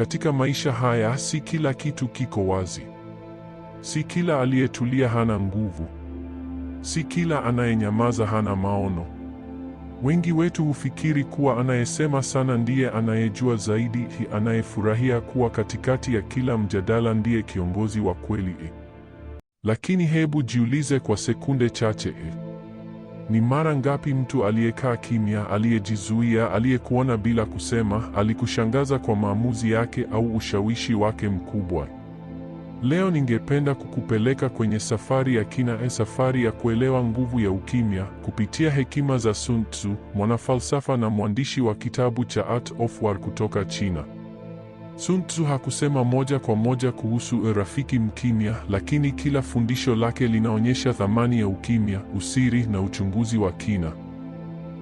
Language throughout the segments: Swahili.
Katika maisha haya si kila kitu kiko wazi. Si kila aliyetulia hana nguvu. Si kila anayenyamaza hana maono. Wengi wetu hufikiri kuwa anayesema sana ndiye anayejua zaidi, anayefurahia kuwa katikati ya kila mjadala ndiye kiongozi wa kweli. Lakini hebu jiulize kwa sekunde chache. Ni mara ngapi mtu aliyekaa kimya, aliyejizuia, aliyekuona bila kusema, alikushangaza kwa maamuzi yake au ushawishi wake mkubwa? Leo ningependa kukupeleka kwenye safari ya kina, e, safari ya kuelewa nguvu ya ukimya kupitia hekima za Sun Tzu, mwanafalsafa na mwandishi wa kitabu cha Art of War kutoka China. Sun Tzu hakusema moja kwa moja kuhusu rafiki mkimya, lakini kila fundisho lake linaonyesha thamani ya ukimya, usiri na uchunguzi wa kina.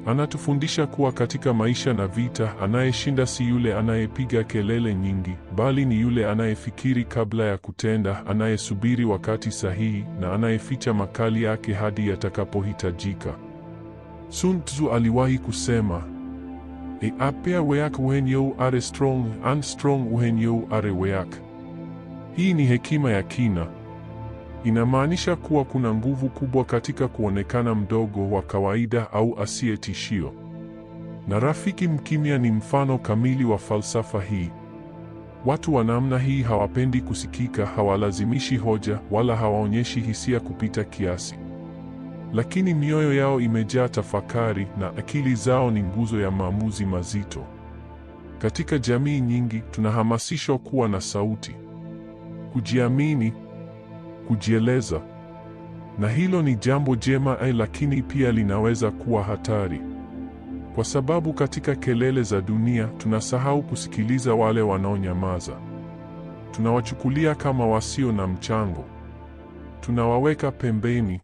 Anatufundisha kuwa katika maisha na vita, anayeshinda si yule anayepiga kelele nyingi, bali ni yule anayefikiri kabla ya kutenda, anayesubiri wakati sahihi na anayeficha makali yake hadi yatakapohitajika. Sun Tzu aliwahi kusema I appear weak when you are strong and strong when you are weak. Hii ni hekima ya kina. Inamaanisha kuwa kuna nguvu kubwa katika kuonekana mdogo wa kawaida au asiye tishio. Na rafiki mkimya ni mfano kamili wa falsafa hii. Watu wa namna hii hawapendi kusikika, hawalazimishi hoja wala hawaonyeshi hisia kupita kiasi lakini mioyo yao imejaa tafakari na akili zao ni nguzo ya maamuzi mazito. Katika jamii nyingi tunahamasishwa kuwa na sauti, kujiamini, kujieleza, na hilo ni jambo jema ai, eh, lakini pia linaweza kuwa hatari, kwa sababu katika kelele za dunia tunasahau kusikiliza wale wanaonyamaza. Tunawachukulia kama wasio na mchango, tunawaweka pembeni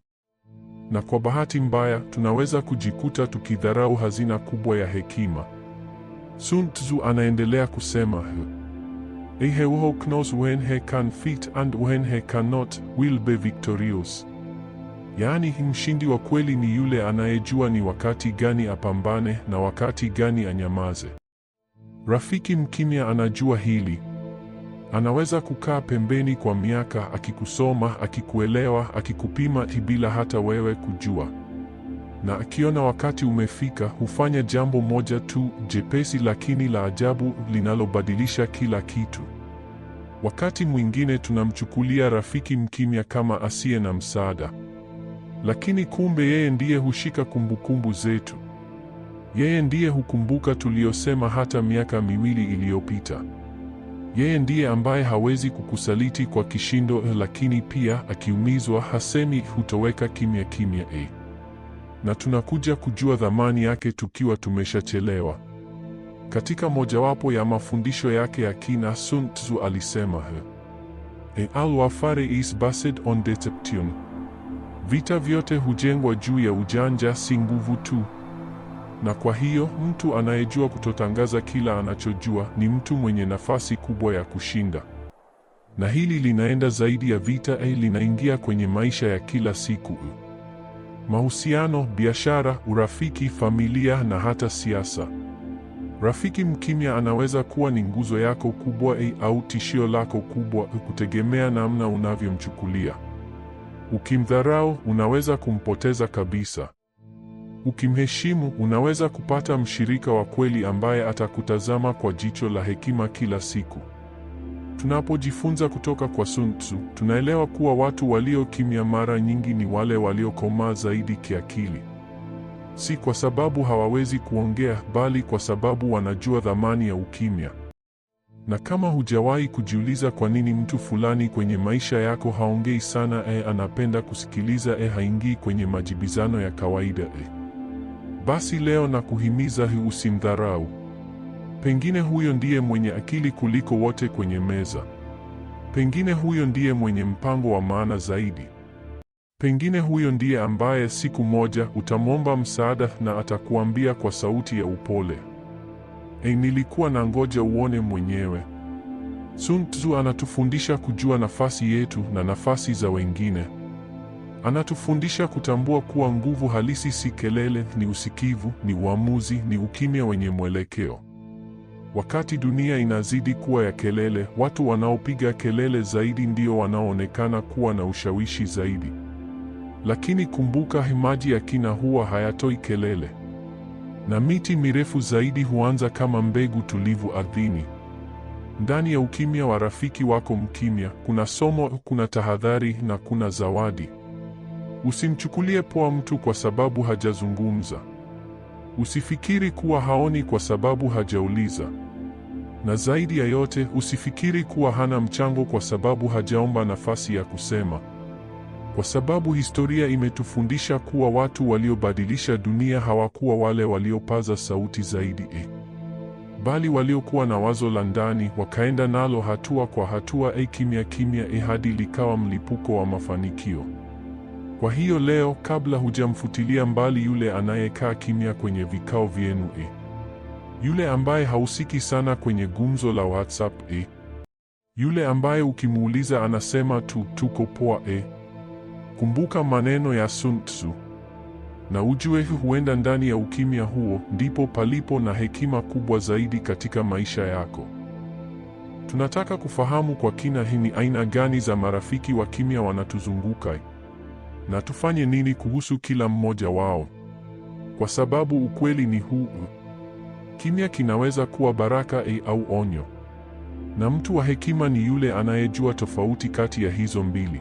na kwa bahati mbaya tunaweza kujikuta tukidharau hazina kubwa ya hekima. Sun Tzu anaendelea kusema, He who knows when he can fit and when he cannot will be victorious. Yaani, mshindi wa kweli ni yule anayejua ni wakati gani apambane na wakati gani anyamaze. Rafiki mkimya anajua hili. Anaweza kukaa pembeni kwa miaka akikusoma, akikuelewa, akikupima bila hata wewe kujua. Na akiona wakati umefika, hufanya jambo moja tu jepesi lakini la ajabu linalobadilisha kila kitu. Wakati mwingine tunamchukulia rafiki mkimya kama asiye na msaada, lakini kumbe yeye ndiye hushika kumbukumbu zetu. Yeye ndiye hukumbuka tuliyosema hata miaka miwili iliyopita. Yeye ndiye ambaye hawezi kukusaliti kwa kishindo, lakini pia akiumizwa hasemi, hutoweka kimya kimya eh. Na tunakuja kujua dhamani yake tukiwa tumeshachelewa. Katika mojawapo ya mafundisho yake ya kina, Sun Tzu alisema e alwafare is based on deception, vita vyote hujengwa juu ya ujanja, si nguvu tu. Na kwa hiyo mtu anayejua kutotangaza kila anachojua ni mtu mwenye nafasi kubwa ya kushinda. Na hili linaenda zaidi ya vita, eh, linaingia kwenye maisha ya kila siku: mahusiano, biashara, urafiki, familia na hata siasa. Rafiki mkimya anaweza kuwa ni nguzo yako kubwa, eh, au tishio lako kubwa, eh, kutegemea namna unavyomchukulia. Ukimdharau unaweza kumpoteza kabisa. Ukimheshimu unaweza kupata mshirika wa kweli ambaye atakutazama kwa jicho la hekima kila siku. Tunapojifunza kutoka kwa Sun Tzu, tunaelewa kuwa watu walio kimya mara nyingi ni wale waliokomaa zaidi kiakili. Si kwa sababu hawawezi kuongea, bali kwa sababu wanajua thamani ya ukimya. Na kama hujawahi kujiuliza kwa nini mtu fulani kwenye maisha yako haongei sana, e, anapenda kusikiliza, e, haingii kwenye majibizano ya kawaida, e. Basi leo na kuhimiza hii, usimdharau. Pengine huyo ndiye mwenye akili kuliko wote kwenye meza. Pengine huyo ndiye mwenye mpango wa maana zaidi. Pengine huyo ndiye ambaye siku moja utamwomba msaada na atakuambia kwa sauti ya upole, e, nilikuwa na ngoja uone mwenyewe. Sun Tzu anatufundisha kujua nafasi yetu na nafasi za wengine. Anatufundisha kutambua kuwa nguvu halisi si kelele, ni usikivu, ni uamuzi, ni ukimya wenye mwelekeo. Wakati dunia inazidi kuwa ya kelele, watu wanaopiga kelele zaidi ndio wanaoonekana kuwa na ushawishi zaidi. Lakini kumbuka, maji ya kina huwa hayatoi kelele, na miti mirefu zaidi huanza kama mbegu tulivu ardhini. Ndani ya ukimya wa rafiki wako mkimya, kuna somo, kuna tahadhari na kuna zawadi. Usimchukulie poa mtu kwa sababu hajazungumza. Usifikiri kuwa haoni kwa sababu hajauliza. Na zaidi ya yote, usifikiri kuwa hana mchango kwa sababu hajaomba nafasi ya kusema. Kwa sababu historia imetufundisha kuwa watu waliobadilisha dunia hawakuwa wale waliopaza sauti zaidi e, bali waliokuwa na wazo la ndani, wakaenda nalo hatua kwa hatua e, kimya kimya e, hadi likawa mlipuko wa mafanikio. Kwa hiyo leo, kabla hujamfutilia mbali yule anayekaa kimya kwenye vikao vyenu, e, yule ambaye hausiki sana kwenye gumzo la WhatsApp, e, yule ambaye ukimuuliza anasema tu tuko poa, e, kumbuka maneno ya Sun Tzu na ujue huenda ndani ya ukimya huo ndipo palipo na hekima kubwa zaidi katika maisha yako. Tunataka kufahamu kwa kina, hii ni aina gani za marafiki wa kimya wanatuzunguka? na tufanye nini kuhusu kila mmoja wao? Kwa sababu ukweli ni huu: kimya kinaweza kuwa baraka e, au onyo, na mtu wa hekima ni yule anayejua tofauti kati ya hizo mbili.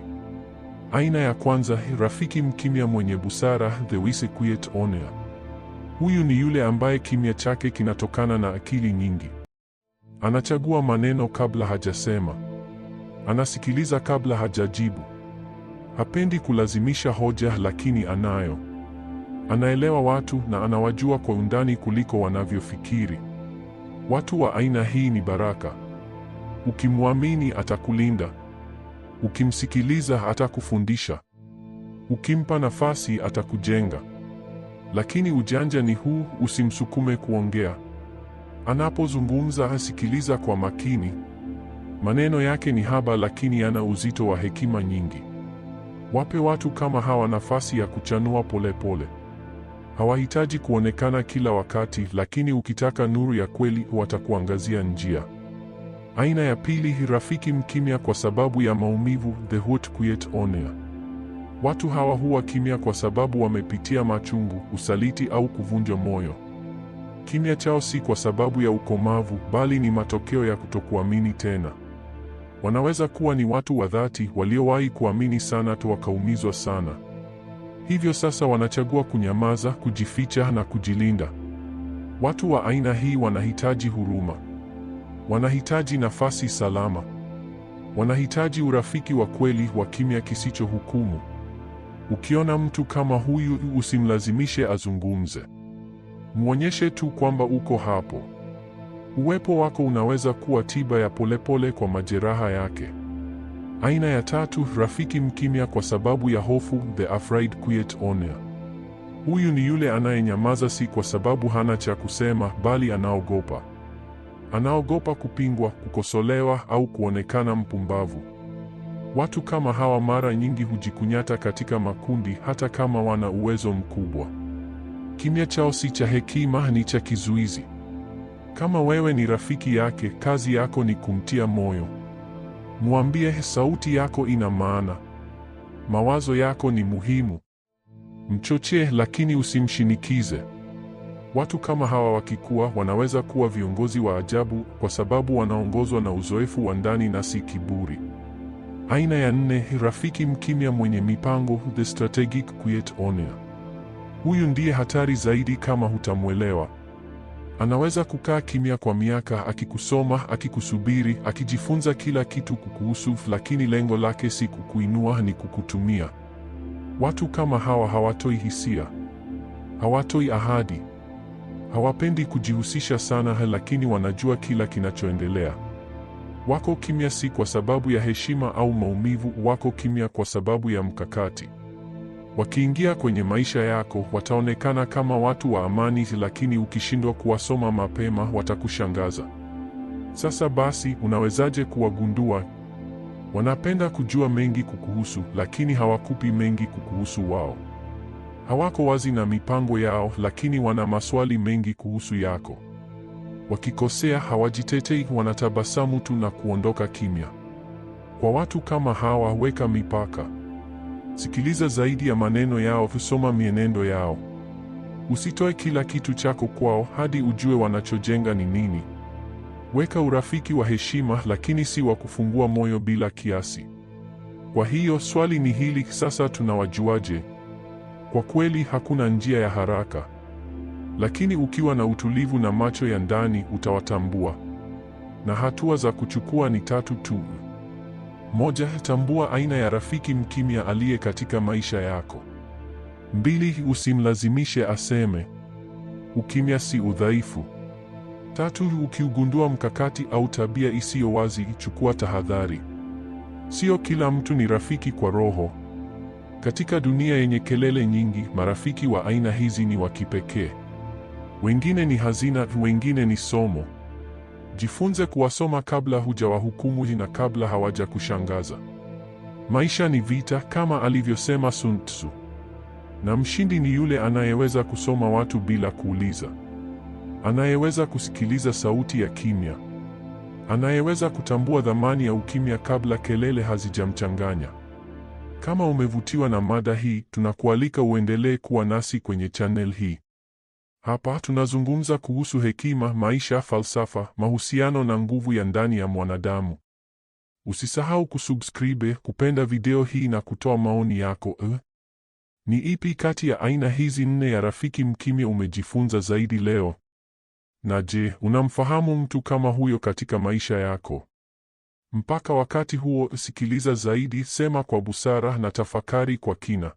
Aina ya kwanza, rafiki mkimya mwenye busara, the wisequiet owner. Huyu ni yule ambaye kimya chake kinatokana na akili nyingi. Anachagua maneno kabla hajasema, anasikiliza kabla hajajibu Hapendi kulazimisha hoja, lakini anayo. Anaelewa watu na anawajua kwa undani kuliko wanavyofikiri. Watu wa aina hii ni baraka. Ukimwamini atakulinda, ukimsikiliza atakufundisha, ukimpa nafasi atakujenga. Lakini ujanja ni huu, usimsukume kuongea. Anapozungumza asikiliza kwa makini. Maneno yake ni haba, lakini yana uzito wa hekima nyingi. Wape watu kama hawa nafasi ya kuchanua polepole pole. Hawahitaji kuonekana kila wakati, lakini ukitaka nuru ya kweli watakuangazia njia. Aina ya pili, rafiki mkimya kwa sababu ya maumivu, the hurt quiet owner. Watu hawa huwa kimya kwa sababu wamepitia machungu, usaliti au kuvunjwa moyo. Kimya chao si kwa sababu ya ukomavu, bali ni matokeo ya kutokuamini tena. Wanaweza kuwa ni watu wa dhati waliowahi kuamini sana tu wakaumizwa sana, hivyo sasa wanachagua kunyamaza, kujificha na kujilinda. Watu wa aina hii wanahitaji huruma, wanahitaji nafasi salama, wanahitaji urafiki wa kweli, wa kimya kisichohukumu. Ukiona mtu kama huyu, usimlazimishe azungumze, mwonyeshe tu kwamba uko hapo. Uwepo wako unaweza kuwa tiba ya polepole kwa majeraha yake. Aina ya tatu, rafiki mkimya kwa sababu ya hofu, the afraid quiet owner. Huyu ni yule anayenyamaza si kwa sababu hana cha kusema, bali anaogopa. Anaogopa kupingwa, kukosolewa au kuonekana mpumbavu. Watu kama hawa mara nyingi hujikunyata katika makundi hata kama wana uwezo mkubwa. Kimya chao si cha hekima, ni cha kizuizi. Kama wewe ni rafiki yake, kazi yako ni kumtia moyo. Mwambie sauti yako ina maana, mawazo yako ni muhimu. Mchochee, lakini usimshinikize. Watu kama hawa wakikua, wanaweza kuwa viongozi wa ajabu, kwa sababu wanaongozwa na uzoefu wa ndani na si kiburi. Aina ya nne: rafiki mkimya mwenye mipango, the strategic quiet owner. Huyu ndiye hatari zaidi kama hutamwelewa. Anaweza kukaa kimya kwa miaka akikusoma, akikusubiri, akijifunza kila kitu kukuhusu, lakini lengo lake si kukuinua, ni kukutumia. Watu kama hawa hawatoi hisia, hawatoi ahadi, hawapendi kujihusisha sana, lakini wanajua kila kinachoendelea. Wako kimya si kwa sababu ya heshima au maumivu, wako kimya kwa sababu ya mkakati. Wakiingia kwenye maisha yako wataonekana kama watu wa amani, lakini ukishindwa kuwasoma mapema watakushangaza. Sasa basi, unawezaje kuwagundua? Wanapenda kujua mengi kukuhusu, lakini hawakupi mengi kukuhusu wao. Hawako wazi na mipango yao, lakini wana maswali mengi kuhusu yako. Wakikosea hawajitetei, wanatabasamu tu na kuondoka kimya. Kwa watu kama hawa, weka mipaka. Sikiliza zaidi ya maneno yao, soma mienendo yao. Usitoe kila kitu chako kwao hadi ujue wanachojenga ni nini. Weka urafiki wa heshima, lakini si wa kufungua moyo bila kiasi. Kwa hiyo swali ni hili sasa, tunawajuaje? Kwa kweli hakuna njia ya haraka, lakini ukiwa na utulivu na macho ya ndani utawatambua, na hatua za kuchukua ni tatu tu. Moja, tambua aina ya rafiki mkimya aliye katika maisha yako. Mbili, usimlazimishe aseme. Ukimya si udhaifu. Tatu, ukiugundua mkakati au tabia isiyo wazi, ichukua tahadhari. Sio kila mtu ni rafiki kwa roho. Katika dunia yenye kelele nyingi, marafiki wa aina hizi ni wa kipekee. Wengine ni hazina, wengine ni somo. Jifunze kuwasoma kabla hujawahukumu na kabla hawajakushangaza. Maisha ni vita kama alivyosema Sun Tzu, na mshindi ni yule anayeweza kusoma watu bila kuuliza, anayeweza kusikiliza sauti ya kimya, anayeweza kutambua dhamani ya ukimya kabla kelele hazijamchanganya. Kama umevutiwa na mada hii, tunakualika uendelee kuwa nasi kwenye channel hii. Hapa tunazungumza kuhusu hekima, maisha, falsafa, mahusiano na nguvu ya ndani ya mwanadamu. Usisahau kusubscribe, kupenda video hii na kutoa maoni yako. eh? ni ipi kati ya aina hizi nne ya rafiki mkimya umejifunza zaidi leo? Na je, unamfahamu mtu kama huyo katika maisha yako? Mpaka wakati huo, sikiliza zaidi, sema kwa busara na tafakari kwa kina.